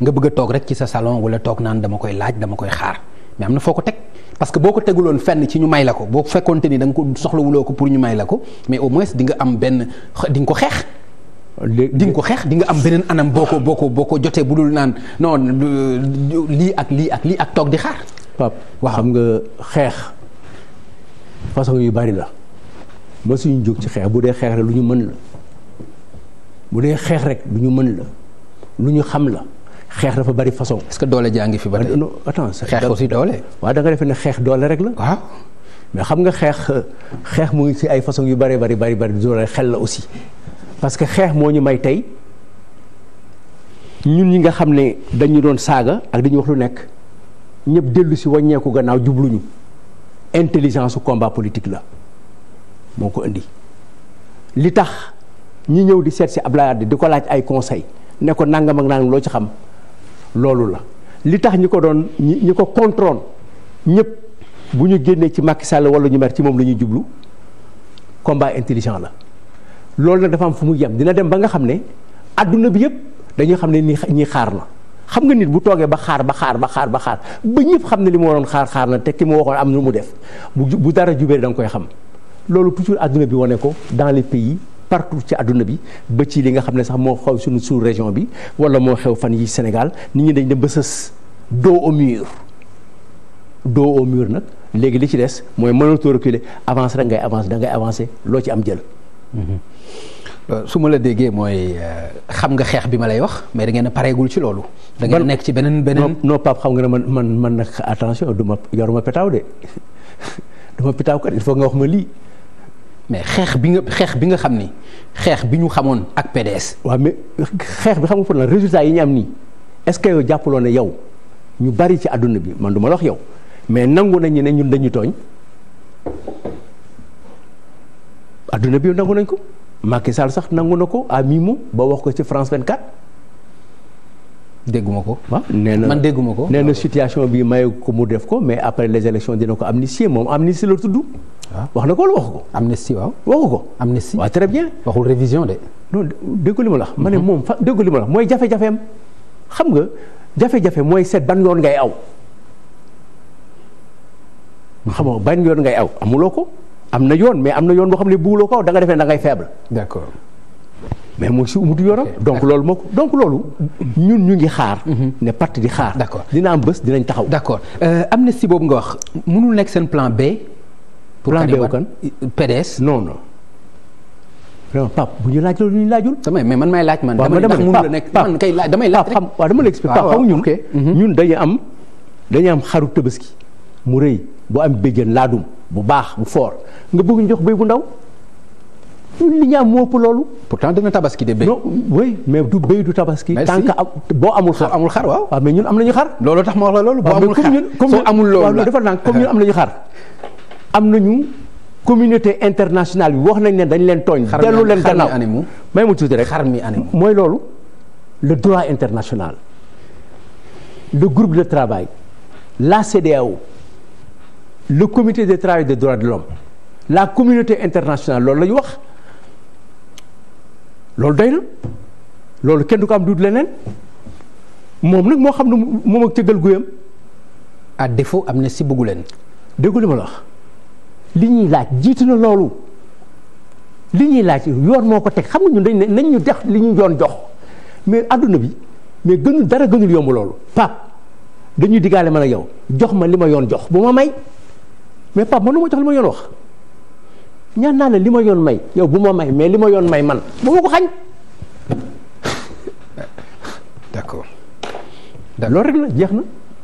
nga bëgg a toog rek ci sa salon wala toog naan dama koy laaj dama koy xaar mais am na foo ko teg parce que boo ko teguloon fenn ci ñu may la ko boo fekkonte ni danga ko soxlawuloo ko pour ñu may la ko mais au moins di nga am benn di nga ko xeex. di nga ko xeex di nga am beneen anam boo ko boo ko jotee bu dul naan non lii ak lii ak lii ak toog di xaar. Pape waaw xam nga xeex façon yu bari la mosuñu jóg ci xeex bu dee xeex la lu ñu mën la bu dee xeex rek lu lu ñu xam la xeex dafa bari façon. parce que doole jaa ngi fi ba tey non attends xeex aussi doole. waaw da defe defee ne xeex doole rek la. waaw mais xam nga xeex xeex mu ngi ci ay façon yu bari bari bari bari doole xel la aussi parce que xeex moo ñu may tey ñun ñi nga xam ne dañu doon saaga ak dañu wax lu nekk ñëpp dellu si wàññeeku gannaaw jubluñu intelligence su combat politique la moo ko indi li tax ñi ñëw di seet ci Abdoulaye Wade di ko laaj ay conseil ne ko nangam ak nangam loo ci xam loolu la li tax ñi ko doon ñi ko contrôle ñëpp bu ñu génnee ci Macky Sall wala ñu mer ci moom lañuy ñuy jublu combat intelligent la loolu nag dafa am fu mu yem dina dem ba nga xam ne adduna bi yëpp dañuy xam ne ni ñii xaar na xam nga nit bu toogee ba xaar ba xaar ba xaar ba xaar ba ñëpp xam ne li mu waroon xaar xaar na te ki mu waxoon am nu mu def bu dara jubee da nga koy xam loolu toujours àdduna bi wane ko dans les partout ci àdduna bi ba ci li nga xam ne sax moo xaw suñu sous région bi wala moo xew fan yi Sénégal nit ñi dañ dem ba sës dos au mur dos au mur nag léegi li ci des mooy mënatoo reculer avance rek ngay avance da ngay avancé loo ci am jël. Mhm. Euh, su ma la déggee mooy euh, xam nga xeex bi ma lay wax mais da ngeen pareegul ci loolu. da nekk ci beneen beneen. non Pape xam nga ne man man man nag attention du ma yoruma petaaw de du petaaw kat il faut nga wax ma mais xeex bi nga xeex bi nga xam ni xeex bi ñu xamoon ak PDS. waaw mais xeex bi xam nga pour la résultat yi ñu am nii est-ce que yow jàppaloo ne yow ñu bari ci àdduna bi man du ma la yow mais nangu nañu ne ñun dañu tooñ adduna bi nangu nañ ko Macky Sall sax nangu na ko à mi ba wax ko ci France 24. dégguma ko. ah nee man dégguma ko. nee na situation bi maye ko mu def ko mais après les élections dina ko am amnistie moom am amnistie la tudd. waaw ah. wax na ko la waxu ko. amnistie waaw waxu ko. amnistie waaw très bien. waxul révision de. non déggu li ma la. ma ne mhm. moom fa déggu li ma la mooy jafe-jafeem xam nga jafe-jafe mooy set ban yoon ngay aw. xam nga ban yoon ngay aw amuloo ko am na yoon mais am na yoon boo xam ne buuloo ko da nga defee da ngay faible. d'accord. mais mu ngi si umutu yoonam donc loolu moo ko donc loolu ñun ñu ngi xaar mhm. ne parti di xaar d'accord dina am bés dinañ taxaw d'accord euh, amnistie boobu nga wax mënul nekk seen plan B pour plan B kan PDS non non vraiment Pape bu ñu laaj loolu ñu laajul. damay mais man may laaj man. damay ndax mënul a nekk man kay laaj damay laaj rek ah, Pape waaw dama la expliqué. waaw waaw ñun mhm. ñun dañuy am dañuy am xaru tabaski mu rëy boo am béjjën laadum bu baax bu foor nga bëgg ñu jox béy bu ndaw. li ñu am moo ëpp loolu. pourtant dana tabaski de béy. non oui mais du béy du tabaski. tant boo amul xar amul xar waaw. waaw ah, mais ñun am nañu xar. loolu tax ma wax la loolu. boo ah, amul xar comme ñun amul loolu la dafa naan comme am nañu xar. communauté internationale bi wax nañ ne dañ leen tooñ. dellu leen gannaaw xar mi animaux may mu tuuti rek mi animaux. mooy loolu le droit international le groupe de travail la CEDEAO le comité de travail des droits de l'homme la communauté internationale loolu la ñu wax. loolu doy na loolu kenn du ko am duut leneen moom nag moo xam ne moom ak cëggal guyam à défaut am na si bëggu leen déggu li ma la wax li ñuy laaj jiitu na loolu li ñuy laaj yoon moo ko teg xam nga ñun dañ ne nañ ñu def li ñu yoon jox mais àdduna bi mais gënul dara gënul yomb loolu pap dañuy diggaale man na yow jox ma li ma yoon jox bu ma may mais pap man ma jox li ma yoon wax ñaan naa la li ma yoon may yow bu ma may mais li ma yoon may man bu ma ko xañ d'accord loolu rek la jeex na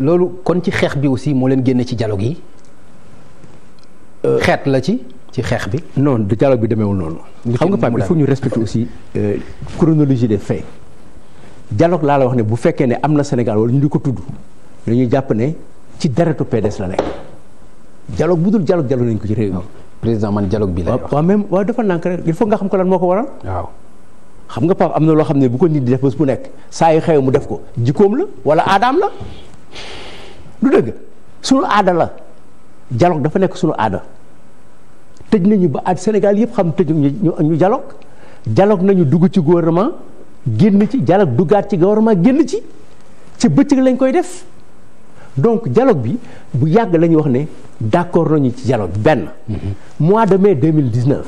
loolu kon ci xeex bi aussi moo leen génne ci dialogue yi euh, xeet la ci ci xeex bi non de dialogue bi demeewul noonu xam nga Pape il faut ñu respecter aussi euh, chronologie de faits dialogue laa la wax ne bu fekkee ne am na Sénégal wala ñu di ko tudd dañuy jàpp ne ci deretu PDS la nekk dialogue bu dul dialogue dialogue nañ ko ci réew mi président man dialogue bi lay wax waaw même waaw dafa nànk rek il faut nga xam ko lan moo ko waral. xam nga Pape am na loo xam ne bu ko nit di def bés bu nekk saa yu xew mu def ko jikkoom la wala aadaam la du dëgg suñu aada la dialogue dafa nekk suñu aada tëj nañu ba at Sénégal yëpp xam tëj ñu ñu dialogue dialogue nañu dugg ci na ma génn ci dialogue duggaat ci gouvernement génn ci ci bëccëg lañ koy def. donc dialogue bi bu yàgg la ñuy wax ne d'accord nañu ci dialogue benn mois de mais mai 2019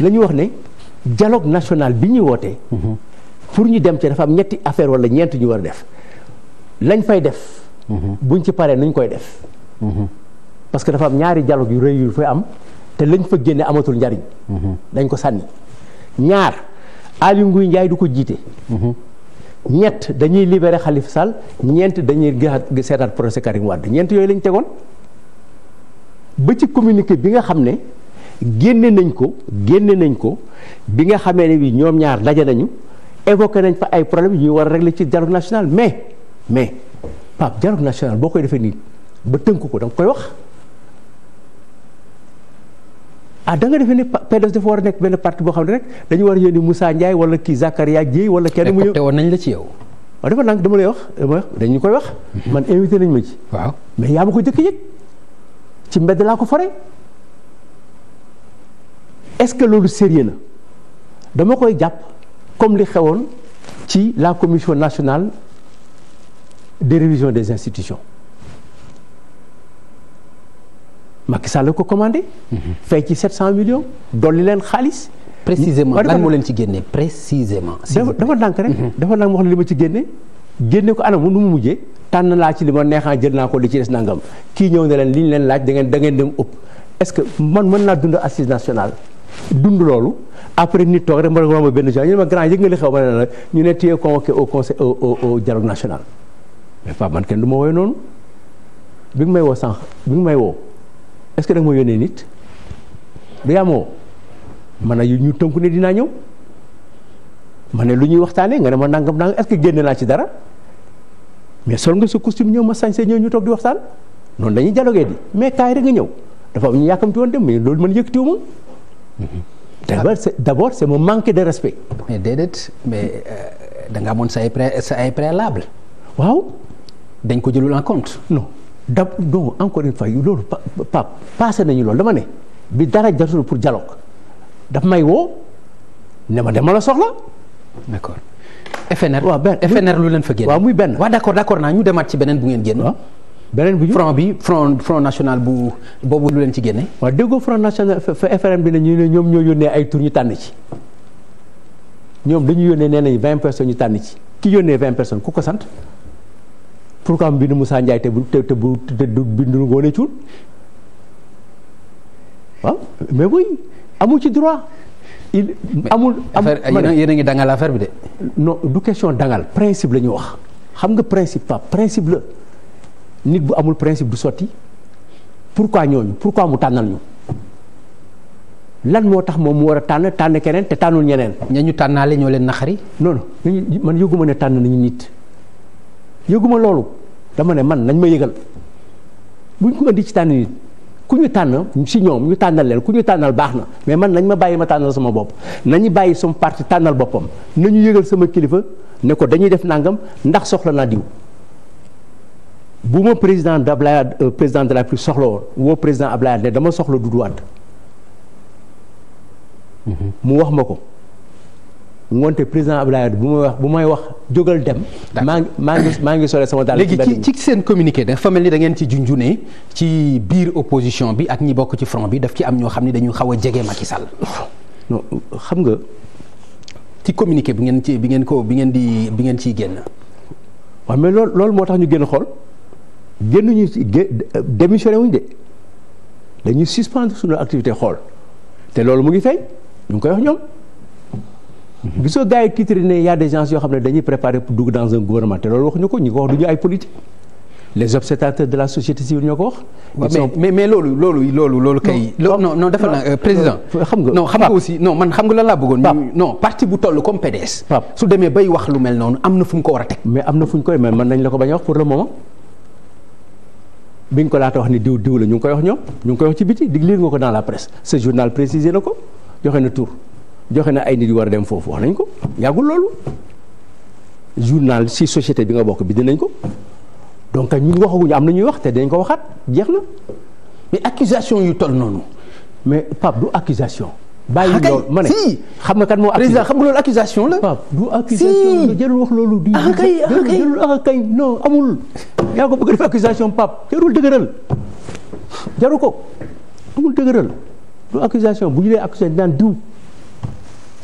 la ñu wax ne jaloog national bi ñuy wootee pour ñu dem ci dafa am ñetti affaire wala ñeent ñu war a def lañ fay def buñ ci paree nañ koy def parce que dafa am ñaari dialogue yu rëy yu fay am te lañ fa génne amatul njariñ dañ ko sànni ñaar Aliou Nguy Ndiaye du ko jiite ñett dañuy libere Khalifa Sall ñeent dañuy gë seetaat procès Karim Wade ñeent yooyu lañu tegoon ba ci communiqué bi nga xam ne génne nañ ko génne nañ ko bi nga xamee ne bi ñoom ñaar daje nañu évoqué nañ fa ay problème ñuy war a la ci dialogue nationale mais mais Pape dialogue national boo koy defee nii ba tënk ko da koy wax. ah da nga defee ne PDS dafa war a nekk benn parti boo xam ne rek dañu war a yónni Moussa Ndiaye wala kii Zakaria Dieye wala kenn mu ñëw woon nañ la ci yow waaw dafa nang dama lay wax dama wax dañu koy wax mhm. man invité nañ ma ci waaw mais yaa ma ko jëkk yëg ci mbedd laa ko fore est-ce que loolu sérieux na dama koy jàpp comme li xewoon ci la commission nationale de révision des institutions Macky Sall ko commandé. fay ci 700 millions dolli leen xaalis. précisément lan moo leen ci génne précisément. dafa ndànk rek. Mhm. dafa ndànk wax li ma ci génne. génne ko anam nu mu mujjee tànn laa ci li ma neexaan jël naa ko li ci des nangam kii ñëw ne leen li leen laaj da ngeen da ngeen dem ëpp est-ce que man mën naa dund assise nationale dund loolu après nit toog rek ma romb benn jour ñu ne ma grand yëg nga ñu ne téye convoqué au conseil au dialogue national mais Pape man kenn du ma woowee noonu bi nga may woo sànq bi nga may woo. est-ce que da moo ma yónnee nit du yamoo ma ne ñu tënk ne dinaa ñëw ma ne lu ñuy waxtaanee nga ne ma nangam nangam est-ce que génne naa ci dara mais sol nga sa costume ñëw ma sañse ñëw ñu toog di waxtaan noonu dañuy dialogué di mais kaay rek nga ñëw dafa am ñu yàkkamti woon dem mais loolu man yëkkatiwuma. Mm-hmm. d'abord c'est d'abord c'est mon manque de respect. mais déedéet mais euh, da nga amoon sa ay pré sa ay préalable. waaw dañ ko jëlul en compte da non encore une fois loolu pa passé nañu loolu dama ne bi dara jatul pour dialogue daf may woo ne ma dama la soxla. d'accord FNR. waaw benn FNR lu leen fa génn. waaw muy benn waaw d'accord d'accord naa ñu demaat ci beneen bu ngeen génn. beneen bu ñu front bi front front national bu boobu lu leen ci génne. waaw déggoo front national FRN bi ne ñu ne ñoom ñoo yónnee ay tur ñu tànn ci ñoom dañu yónnee nee nañ vingt personnes ñu tànn ci ki yónnee vingt personnes ku ko sant. pourquoi mu bind Moussa Ndiaye te bu te te bu te du bindu Ngoné Thioune waaw mais oui amul ci droit. amul amul yéen a ngi affaire bi de. non du question dangal principe la ñu wax xam nga principe pas principe la nit bu amul principe du sotti pourquoi ñooñu pourquoi mu tànnal ñu. lan moo tax moom mu war a tànn tànn keneen te tànnul ñeneen. ña ñu tànnaale ñoo leen naxari. non non man yëgu ne tànn nañu nit. yëguma loolu dama ne man nañ ma yëgal buñ ko di ci tànn nit ku ñu tànn si ñoom ñu tànnal leen ku ñu tànnal baax na mais man nañ ma bàyyi ma tànnal sama bopp nañu bàyyi sama parti tànnal boppam nañu yëgal sama kilifa ne ko dañuy def nangam ndax soxla naa diw bu ma président d' Ablaye euh, président de la République soxla woon woo président Ablaye ne dama soxla Doudou Wade mhm. mu wax ma ko ngoonte président Abdoulaye bu may wax bu may wax jógal dem. maa ngi maa ngi maa ngi sole sama daal. léegi ci ci seen communiqué dafa mel ni da ngeen ci junjune ci biir opposition bi ak ñi bokk ci front bi daf ci am ñoo xam ne dañuy xaw a jege Macky Sall. non xam nga ci communiqué bi ngeen ci bi ngeen ko bi ngeen di bi ngeen ciy génn. waaw mais loolu loolu moo tax ñu génn xool génnuñu ci gé démissionné wuñ de dañuy suspendre suñu activité xool te loolu mu ngi feeñ ñu ngi koy wax ñoom. gisoo gars yi titre ne y a des gens yoo xam ne dañuy préparer pour dugg dans un gouvernement te loolu wax ñu ko ñu ko wax du ay politique les observateurs de la société civile ñoo ko wax. mais mais loolu loolu loolu loolu kay. non non non euh, président. Euh, xam nga non xam nga aussi non man xam nga lan laa bëggoon. non parti bu toll comme PDS. su demee bay wax lu mel noonu am na fu mu ko war a teg. mais am na fu ñu koy mais mën nañ la ko bañ a wax pour le moment. bi ñu ko laata wax ni diw diw la ñu ngi koy wax ñoom ñu ngi koy wax ci biti dig ko dans la presse ce journal na ko joxe na tur. joxe na ay nit yu war a dem foofu wax nañ ko yàggul loolu journal si société bi nga bokk bind nañ ko donc ñun waxaguñu am na ñuy wax te dañ ko waxaat jeex na mais accusation yu toll noonu mais Pape du accusation bàyyi ah, loolu ma ne xam nga kat moo président xam nga loolu accusation la Pape du accusation la jërul wax ah, ah, kay non amul yaa ko bëgg def accusation Pape jarul dëgëral jaru ko amul dëgëral du accusation bu ñu dee accusation daan diw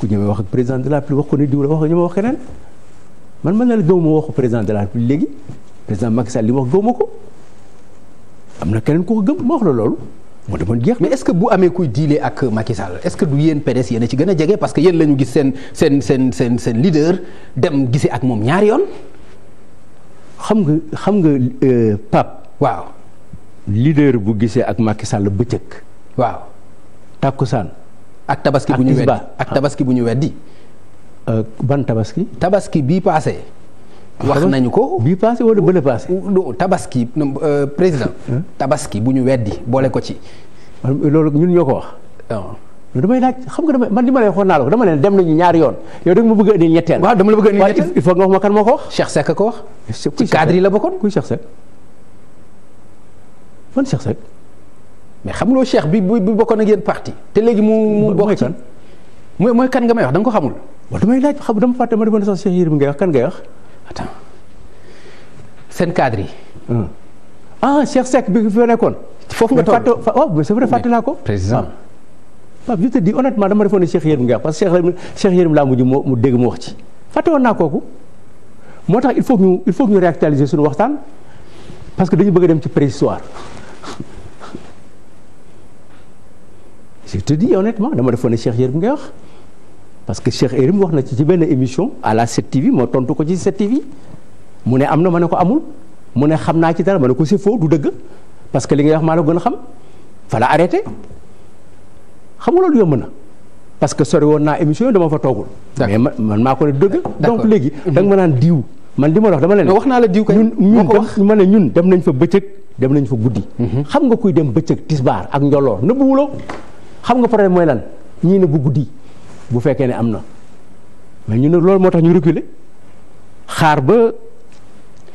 ku ñëwee wax ak président de la République wax ko ne diw wax nga wax keneen man man na la gëw ma waxu président de la République léegi président Macky Sall li wax gëw ma ko am na keneen ku ko gëm ma wax la loolu. moo demoon jeex mais est-ce que bu amee kuy diilee ak Macky Sall est-ce que du yéen PDS yéen a ci gën a jege parce que yéen la ñu gis seen seen seen seen seen leader dem gise ak moom ñaar yoon. xam nga xam nga euh, Pape. waaw. leader bu gisee ak Macky Sall bëccëg. waaw takkusaan. ak tabaski bu ñu weddi ak tabaski bu ñu weddi. Euh, ban tabaski. tabaski bii paase. wax nañu ko bii paase wala bële paase. tabaski euh, président. tabaski bu ñu weddi boole ko ci. loolu ñun ñoo ko wax. non damay laaj xam nga damay man di ma lay waxoon naa la dama leen dem nañu ñaari yoon yow da nga ma bëgg a indil ñetteel. waaw dama la bëgg a indil ñetteel il faut nga wax kan moo ko wax. Cheikh Seck ko wax. ci cadre la bokkoon kuy Cheikh Seck. man Cheikh Seck. mais xamuloo Cheikh bi bu bokkoon ak yéen parti te léegi mu mu bokk ci mooy kan nga may wax da nga ko xamul. waaw damay laaj xam dama fàtte ma demoon na sax Cheikh Yérim ngay wax kan ngay wax. attends seen ah, nekkoon. foofu nga toll fàtte waaw c'est vrai fàtte ko. président waaw ah. je te dis honnêtement dama defoon ne Cheikh Yérim ngay wax parce que Cheikh laa mujj moo mu dégg mu wax ci fàtte woon naa kooku. moo tax il faut ñu il faut ñu réactualiser suñu waxtaan parce que dañu bëgg a dem ci préhistoire je te dis honnêtement dama defoon ngay wax parce que Cheikh Yérim wax na ci ci benn émission à la 7TV moo tontu ko ci 7TV mu ne am na ma ne ko amul mu ne xam naa ci dara ma ne ko c'est faux du dëgg parce que li ngay wax maa la gën a xam fa la arrêté xam nga loolu mën na parce que sori woon naa émission dama fa toogul. ma man maa ko ne dëgg. donc léegi mhm. da ma naan diw. man li ma wax dama leen wax naa la diw kay ñun ñun ma ne ñun dem nañ fa bëccëg dem nañ fa guddi. Mhm. xam nga kuy dem bëccëg tisbaar ak njolloor xam nga problème mooy lan ñii ne bu guddi bu fekkee ne am na mais ñu ne loolu moo tax ñu réculer xaar ba.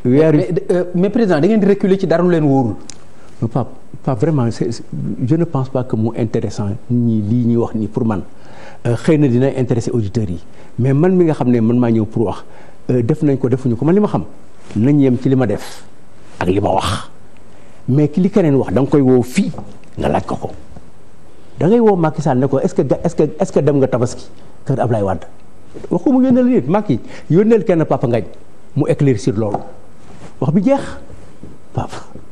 weer euh, mais président da ngeen di reculer ci dara lu leen wóorul. pas pas vraiment c'est je ne pense pas que mu intéressant ñi lii ñuy wax nii pour man euh, xëy na dina intéresser auditeurs yi mais man mi nga xam ne man maa ñëw pour wax euh, def nañ ko defuñu ko ma li ma xam nañ yem ci li ma def ak li ma wax mais ki li keneen wax da nga koy wow fii nga laaj ko ko. dangay wow woo Macky Sall ne ko est-ce que est-ce que est-ce que dem nga tabaski kër Ablaye Wade wax ko mu yónneel nit Macky yónneel kenn Papa Ngañ mu éclaircir loolu wax bi jeex Papa.